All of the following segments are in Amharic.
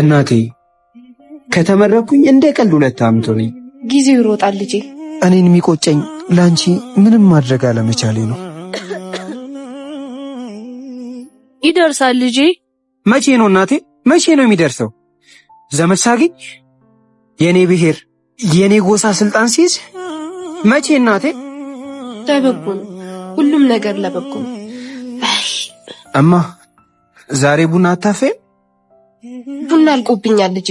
እናቴ ከተመረኩኝ እንደ ቀልድ ሁለት ዓመት ነኝ። ጊዜው ይሮጣል ልጄ። እኔን የሚቆጨኝ ለአንቺ ምንም ማድረግ አለመቻሌ ነው። ይደርሳል ልጄ። መቼ ነው እናቴ? መቼ ነው የሚደርሰው? ዘመድ ሳገኝ የእኔ ብሔር የእኔ ጎሳ ስልጣን ሲይዝ መቼ እናቴ? ለበጎ ነው ሁሉም ነገር ለበጎ ነው። እማ ዛሬ ቡና አታፈይም? ቡና አልቆብኛል ልጄ።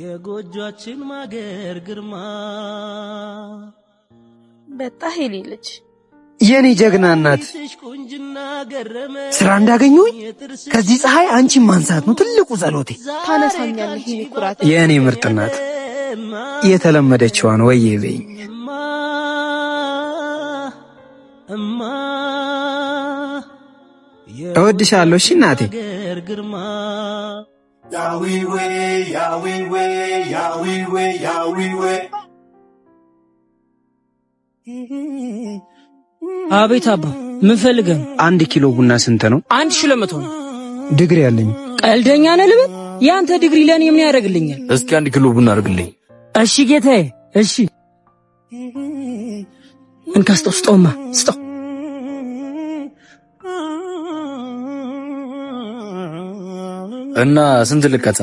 የጎጆችን ማገር ግርማ በጣ ሄሌ ልጅ የኔ ጀግና እናት ስራ እንዳገኘሁኝ ከዚህ ፀሐይ አንቺን ማንሳት ነው ትልቁ ጸሎቴ። ታነሳኛለህ ኩራት የኔ ምርጥ እናት የተለመደችዋን ወይ ይበኝ እወድሻለሁ። እሺ እናቴ። አቤት አባ፣ ምን ፈልገህ? አንድ ኪሎ ቡና ስንት ነው? አንድ ሺህ ለመቶ ነው። ድግሪ አለኝ። ቀልደኛ ነህ ልበል? የአንተ ድግሪ ለእኔ ምን ያደርግልኛል? እስኪ አንድ ኪሎ ቡና አድርግልኝ። እሺ ጌታዬ፣ እሺ። እንካ ስጠው፣ ስጠውማ፣ ስጠው እና ስንት ልቀጣ?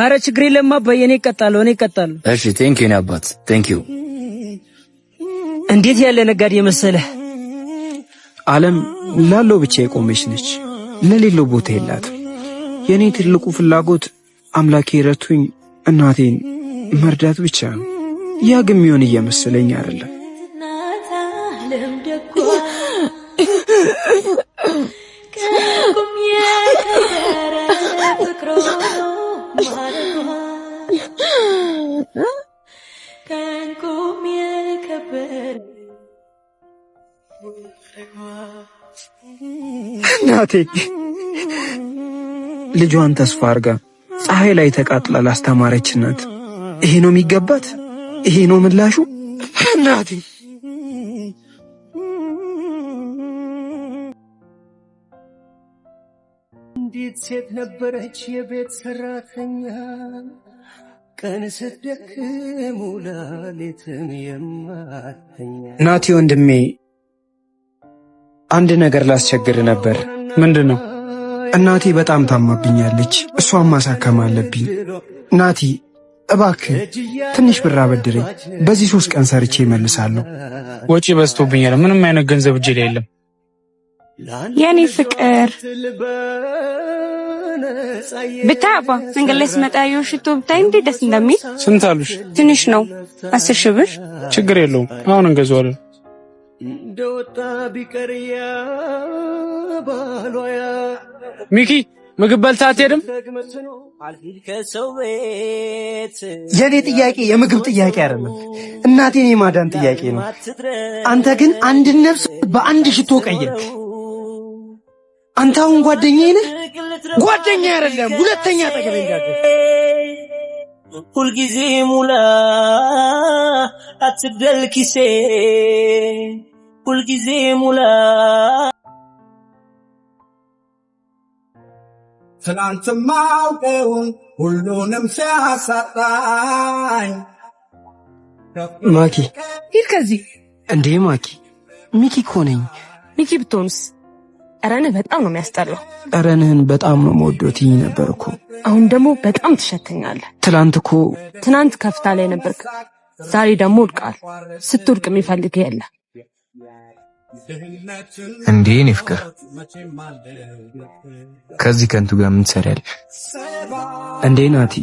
አረ ችግር የለም አባዬ፣ እኔ እቀጣለሁ፣ እኔ እቀጣለሁ። እሺ ቴንክ ዩ አባት፣ ቴንክ ዩ። እንዴት ያለ ነጋዴ መሰለህ። ዓለም ላለው ብቻ የቆመች ነች፣ ለሌለው ቦታ የላትም። የእኔ ትልቁ ፍላጎት አምላኬ ረቱኝ እናቴን መርዳት ብቻ ነው። ያ ግን የሚሆን እየመሰለኝ አይደለም። Tan እናቴ ልጇን ተስፋ አርጋ ፀሐይ ላይ ተቃጥላ ላስተማረች እናት ይሄ ነው የሚገባት? ይሄ ነው ምላሹ? እናቴ እንዴት ሴት ነበረች የቤት ሰራተኛ ናቲ ወንድሜ አንድ ነገር ላስቸግር ነበር። ምንድን ነው? እናቴ በጣም ታማብኛለች። እሷን ማሳከም አለብኝ። ናቲ እባክ ትንሽ ብር አበድረኝ። በዚህ ሶስት ቀን ሰርቼ ይመልሳለሁ ወጪ በዝቶብኛል። ምንም አይነት ገንዘብ እጄ ላይ የለም። የኔ ፍቅር ብታይ አባ መንገድ ላይ ስመጣ ያየው ሽቶ ብታይ እንዴት ደስ እንደሚል። ስንት አሉሽ? ትንሽ ነው፣ አስር ሺህ ብር። ችግር የለውም አሁን እንገዛዋለን። እንደወጣ ቢቀርያ ባሏያ ሚኪ ምግብ በልተህ አትሄድም? የኔ ጥያቄ የምግብ ጥያቄ አይደለም፣ እናቴን የማዳን ጥያቄ ነው። አንተ ግን አንድ ነፍስ በአንድ ሽቶ ቀየርክ። አንተ አሁን ጓደኛዬ ነህ? ጓደኛዬ አይደለም። ሁለተኛ ጠገበ ሁልጊዜ ሙላ አትደልኪሴ ሁልጊዜ ሙላ። ትናንትም ማውቀውን ሁሉንም ሲያሳጣኝ ማኪ ይህ ከዚህ እንዴ ማኪ ሚኪ እኮ ነኝ። ሚኪ ብትሆንስ ጠረንህ በጣም ነው የሚያስጠላው። ጠረንህን በጣም ነው መወደው ትይኝ ነበር እኮ። አሁን ደግሞ በጣም ትሸተኛለህ። ትናንት እኮ ትናንት ከፍታ ላይ ነበርክ፣ ዛሬ ደግሞ ወድቃል። ስትወድቅ የሚፈልግ የለ እንዴ እኔ ፍቅር፣ ከዚህ ከንቱ ጋር ምን ትሰሪያለሽ? እንዴ ናቲ፣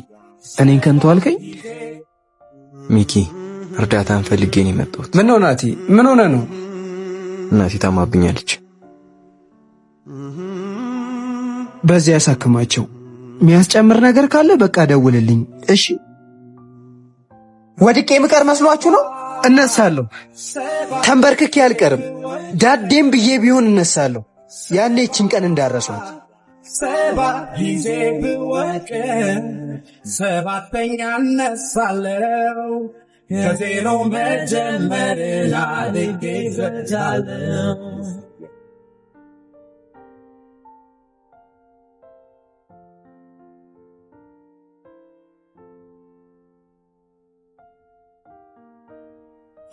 እኔን ከንቱ አልከኝ? ሚኪ፣ እርዳታን ፈልጌ ነው የመጣሁት። ምን ነው ናቲ፣ ምን ሆነ ነው? እናቲ ታማብኛለች። በዚያ ያሳክማቸው። የሚያስጨምር ነገር ካለ በቃ ደውልልኝ እሺ። ወድቄ ምቀር መስሏችሁ ነው? እነሳለሁ። ተንበርክኬ አልቀርም። ዳዴም ብዬ ቢሆን እነሳለሁ። ያኔ ይችን ቀን እንዳረሷት ሰባ ጊዜ ብወቅ ሰባተኛ እነሳለሁ። ከዜሮ መጀመር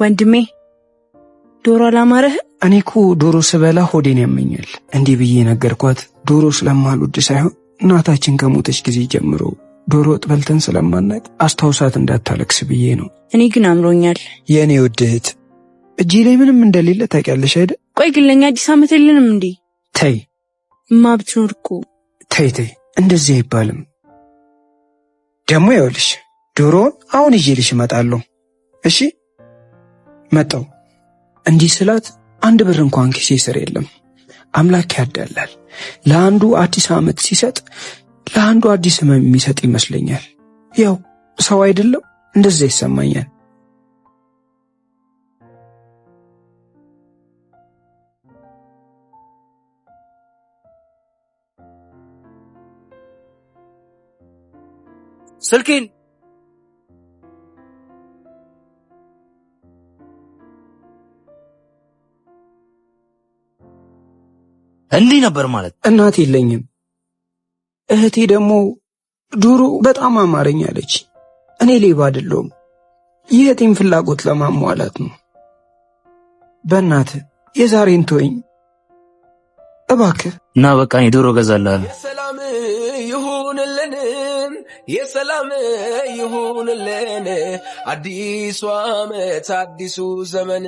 ወንድሜ ዶሮ አላማረህ? እኔ እኮ ዶሮ ስበላ ሆዴን ያመኛል። እንዲህ ብዬ ነገርኳት። ዶሮ ስለማልወድ ሳይሆን እናታችን ከሞተች ጊዜ ጀምሮ ዶሮ ወጥ በልተን ስለማናቅ አስታውሳት እንዳታለቅስ ብዬ ነው። እኔ ግን አምሮኛል። የእኔ ውድ እህት እጄ ላይ ምንም እንደሌለ ታውቂያለሽ አይደ? ቆይ ግን ለእኛ አዲስ ዓመት የለንም እንዴ? ተይ እማ ብትኖር እኮ ተይ ተይ፣ እንደዚህ አይባልም። ደግሞ ይኸውልሽ ዶሮውን አሁን ይዤልሽ እመጣለሁ እሺ መጣው እንዲህ ስላት አንድ ብር እንኳን ኪሴ ስር የለም። አምላክ ያዳላል። ለአንዱ አዲስ ዓመት ሲሰጥ ለአንዱ አዲስ ሕመም የሚሰጥ ይመስለኛል። ያው ሰው አይደለም እንደዛ ይሰማኛል። ስልኪን እንዲህ ነበር ማለት። እናት የለኝም። እህቴ ደግሞ ዶሮ በጣም አማረኝ አለች። እኔ ሌባ አይደለሁም። የእህቴን ፍላጎት ለማሟላት ነው። በእናት የዛሬን ተወኝ እባክህ እና በቃ ዶሮ ገዛላል። የሰላም ይሁንልን፣ የሰላም ይሁንልን። አዲሱ ዓመት አዲሱ ዘመን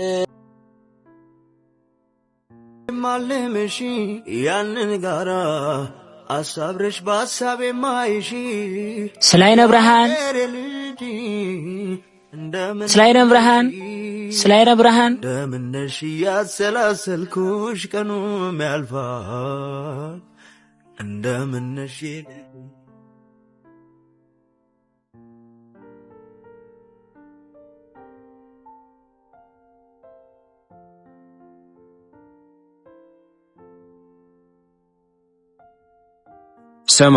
ማልምሺ ያንን ጋራ አሳብረሽ በሀሳብ የማይሺ ስለ አይነ ብርሃን ስለ ብርሃን ስለ ብርሃን እንደምነሽ እያሰላሰልኩሽ ቀኑም ያልፋል እንደምነሽ ስማ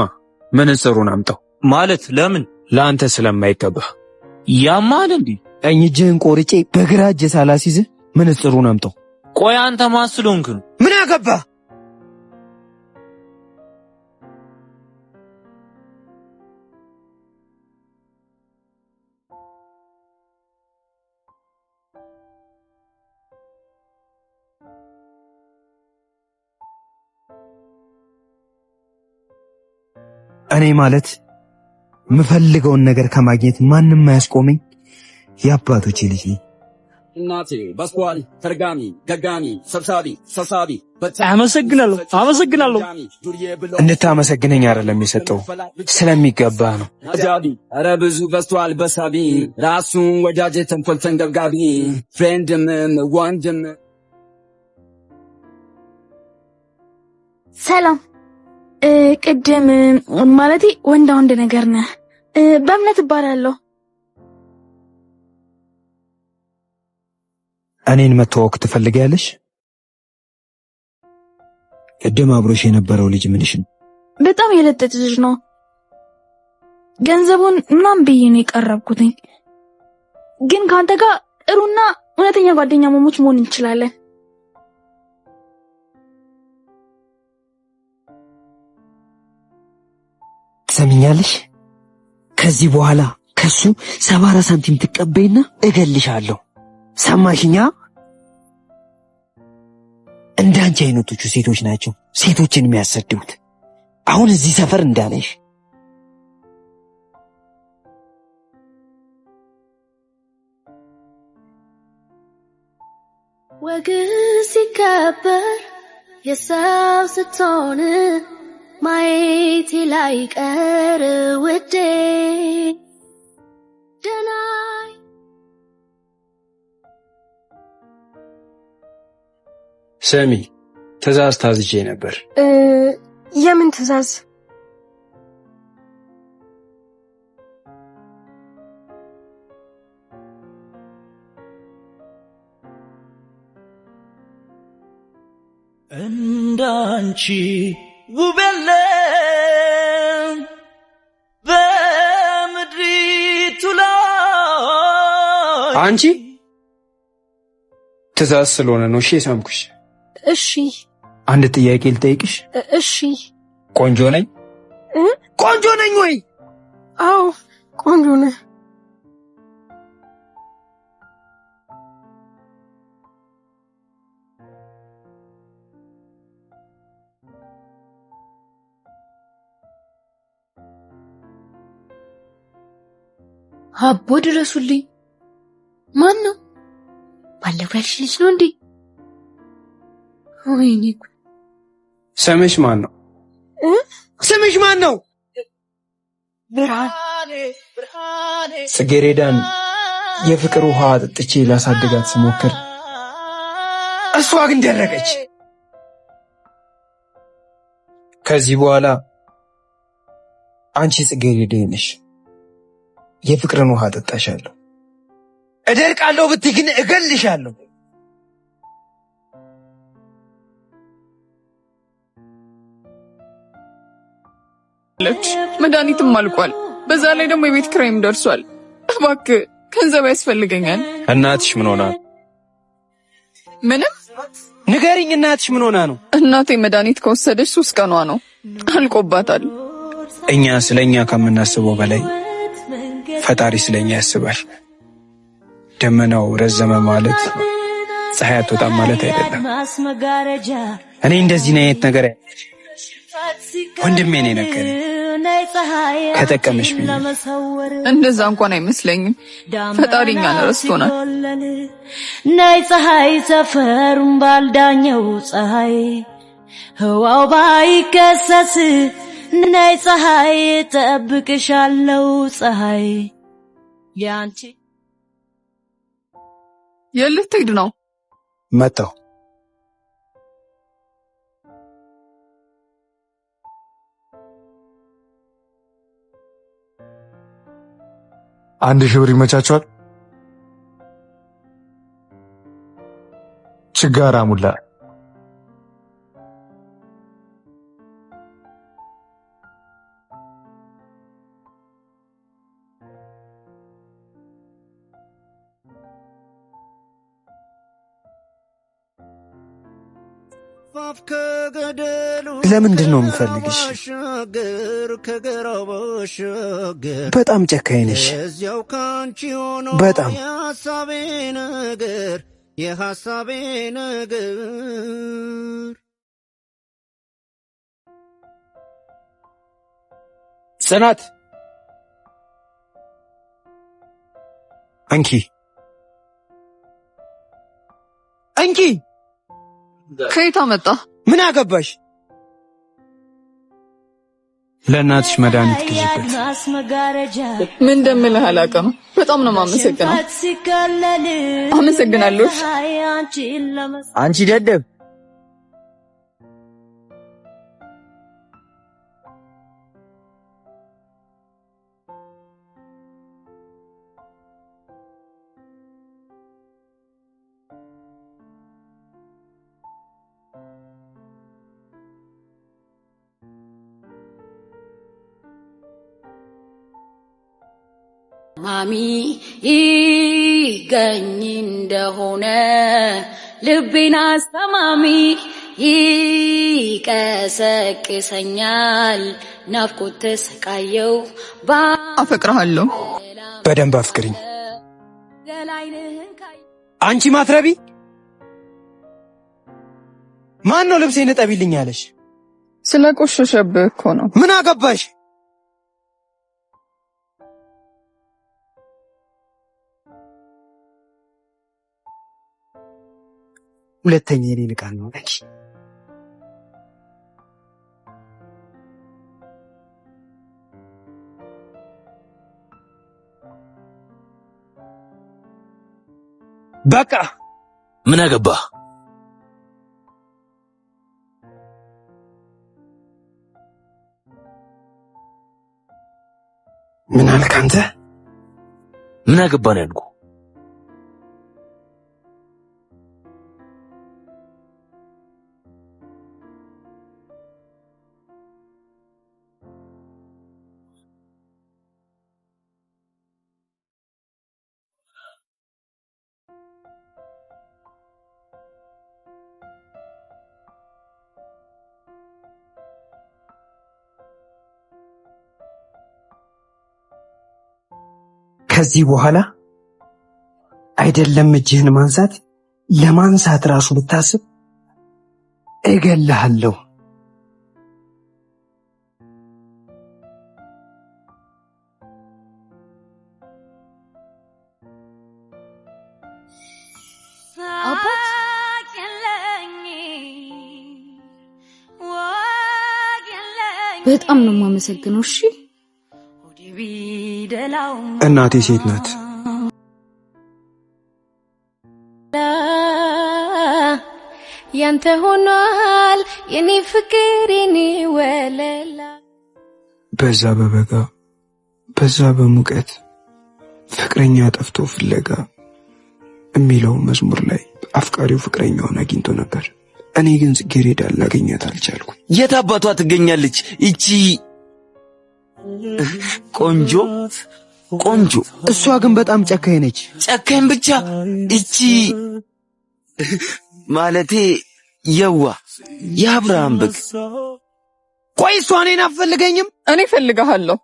መነጽሩን አምጣው። ማለት ለምን? ለአንተ ስለማይገባህ። ያማል እንዴ? ቀኝ እጅህን ቆርጬ በግራ እጅ ሳላሲዝህ መነጽሩን አምጣው። ቆይ አንተ ማን ነው? ምን አገባህ? እኔ ማለት የምፈልገውን ነገር ከማግኘት ማንም አያስቆመኝ የአባቶቼ ልጅ ነኝ። እናቴ በስኳል ተርጋሚ፣ ደጋሚ፣ ሰብሳቢ፣ ሰሳቢ አመሰግናለሁ፣ አመሰግናለሁ። እንድታመሰግነኝ አይደለም የሰጠው ስለሚገባ ነው። አጃቢ ኧረ ብዙ በስቷል በሳቢ ራሱን ወዳጅ ተንኮል ተንገብጋቢ ፍሬንድም ወንድም ሰላም ቅድም ማለት ወንድ ወንድ ነገር ነ በእምነት እባላለሁ። እኔን መተዋወቅ ትፈልጊያለሽ? ቅድም አብሮሽ የነበረው ልጅ ምንሽ ነው? በጣም የለጠች ልጅ ነው። ገንዘቡን ምናም ብዬ ነው የቀረብኩትኝ። ግን ከአንተ ጋር ጥሩና እውነተኛ ጓደኛ መሞች መሆን እንችላለን። ትሰሚኛለሽ? ከዚህ በኋላ ከሱ ሰባ አራት ሳንቲም ትቀበይና እገልሻለሁ። ሰማሽኛ? እንደ አንቺ አይነቶቹ ሴቶች ናቸው ሴቶችን የሚያሰድቡት። አሁን እዚህ ሰፈር እንዳለሽ ወግ ሲከበር የሰው ስትሆን ማየቴ ላይቀር ውዴ ደናይ ሰሚ ትእዛዝ ታዝጄ ነበር። የምን ትእዛዝ? እንዳንቺ ውብ የለም በምድሪቱ ላይ። አንቺ ትእዛዝ ስለሆነ ነው። እሺ የሳምኩሽ። እሺ አንድ ጥያቄ ልጠይቅሽ። እሺ ቆንጆ ነኝ? ቆንጆ ነኝ ወይ? አዎ ቆንጆ ነኝ። አቦ ድረሱልኝ። ማን ነው? ባለፈው ያልሽ ልጅ ነው እንዴ? ወይኔ ስምሽ ማን ነው? ስምሽ ማን ነው? ብርሃን ጽጌረዳን የፍቅር ውሃ አጠጥቼ ላሳድጋት ስሞክር እሷ ግን ደረቀች። ከዚህ በኋላ አንቺ ጽጌረዳዬ ነሽ። የፍቅርን ውሃ ጠጣሻለሁ። እደርቃለሁ ብት ግን እገልሻለሁ። መድኃኒትም አልቋል። በዛ ላይ ደግሞ የቤት ክራይም ደርሷል። እባክ ገንዘብ ያስፈልገኛል። እናትሽ ምን ሆና? ምንም ንገሪኝ። እናትሽ ምን ሆና ነው? እናቴ መድኃኒት ከወሰደች ሶስት ቀኗ ነው፣ አልቆባታል። እኛ ስለኛ ከምናስበው በላይ ፈጣሪ ስለኛ ያስባል። ደመናው ረዘመ ማለት ፀሐይ አትወጣም ማለት አይደለም። እኔ እንደዚህ አይነት ነገር ወንድሜ ነኝ ነገር ከጠቀመሽ እንደዛ እንኳን አይመስለኝም። ፈጣሪ እኛን ረስቶናል። ናይ ፀሐይ ሰፈሩን ባልዳኘው ፀሐይ ህዋው ባይከሰስ ናይ ፀሐይ ጠብቅሻለው ፀሐይ የአንቺ የልት ነው መጣው አንድ ሺህ ብር ይመቻቸዋል። ችጋራ ሙላ ለምንድን ነው የምፈልግሽ? በጣም ጨካኝ ነሽ። በጣም የሐሳቤ ነገር ጽናት እንኪ እንኪ ከየት መጣ? ምን አገባሽ? ለእናትሽ መድኃኒት ግዥበት። ምን እንደምልህ አላውቅም። በጣም ነው የማመሰግነው። አመሰግናለሁ። አንቺ ደደብ ታማሚ ይገኝ እንደሆነ ልቤን አስተማሚ ይቀሰቅሰኛል ናፍቆት ተሰቃየው አፈቅረሃለሁ። በደንብ አፍቅሪኝ። አንቺ ማትረቢ ማን ነው ልብሴን እጠቢልኝ ያለሽ? ስለ ቆሸሸብህ እኮ ነው። ምን አገባሽ? ሁለተኛ የኔን ዕቃ ነው አለች። በቃ ምን አገባ ምን አልክ አንተ? ምን አገባ ነው ያልኩህ። ከዚህ በኋላ አይደለም እጅህን ማንሳት ለማንሳት ራሱ ብታስብ እገልሃለሁ። በጣም ነው የማመሰግነው። እሺ እናቴ ሴት ናት። ያንተ ሆኗል የኔ ፍቅር የኔ ወለላ በዛ በበጋ በዛ በሙቀት ፍቅረኛ ጠፍቶ ፍለጋ የሚለው መዝሙር ላይ አፍቃሪው ፍቅረኛውን አግኝቶ ነበር። እኔ ግን ጽጌሬዳ ላገኛት አልቻልኩ። የት አባቷ ትገኛለች ይቺ ቆንጆ ቆንጆ። እሷ ግን በጣም ጨካኝ ነች። ጨካኝ ብቻ እቺ ማለቴ የዋ የአብርሃም በግ። ቆይ እሷ እኔን አትፈልገኝም? እኔ እፈልግሃለሁ።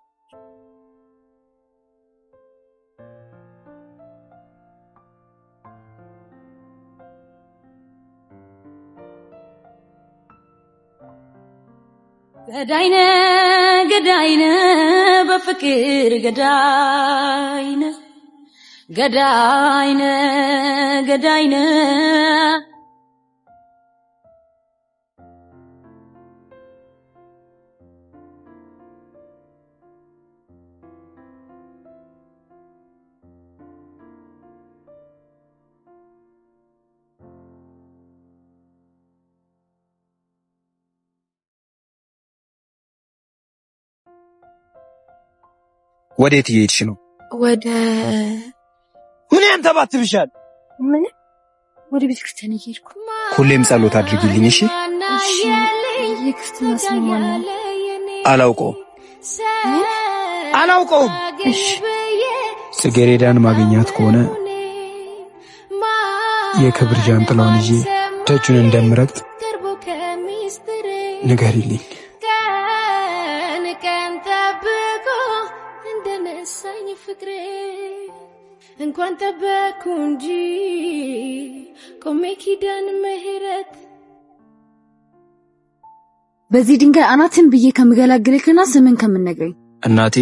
ገዳይነ ገዳይነ በፍቅር ገዳይነ ገዳይነ ገዳይነ ወዴት እየሄድሽ ነው? ወደ ምን ያንተባትብሻል? ምን ወደ ቤተ ክርስቲያን እየሄድኩ። ሁሌም ጸሎት አድርጊልኝ እሺ። የክርስትና ስም ማን? አላውቀውም፣ እሺ ጽጌሬዳን ማግኛት ከሆነ የክብር ጃንጥላውን ይዤ ደጁን እንደምረግጥ ንገሪልኝ። እንኳን ጠበቅኩ እንጂ ቆሜ ኪዳን ምህረት በዚህ ድንጋይ አናትን ብዬ ከምገላግልክና ስምን ከምነግረኝ እናቴ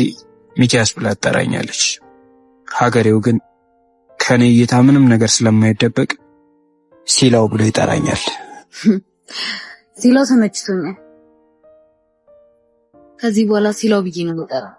ሚኪያስ ብላ ትጠራኛለች። ሀገሬው ግን ከኔ እይታ ምንም ነገር ስለማይደበቅ ሲላው ብሎ ይጠራኛል። ሲላው ተመችቶኛል። ከዚህ በኋላ ሲላው ብዬ ነው የምጠራው።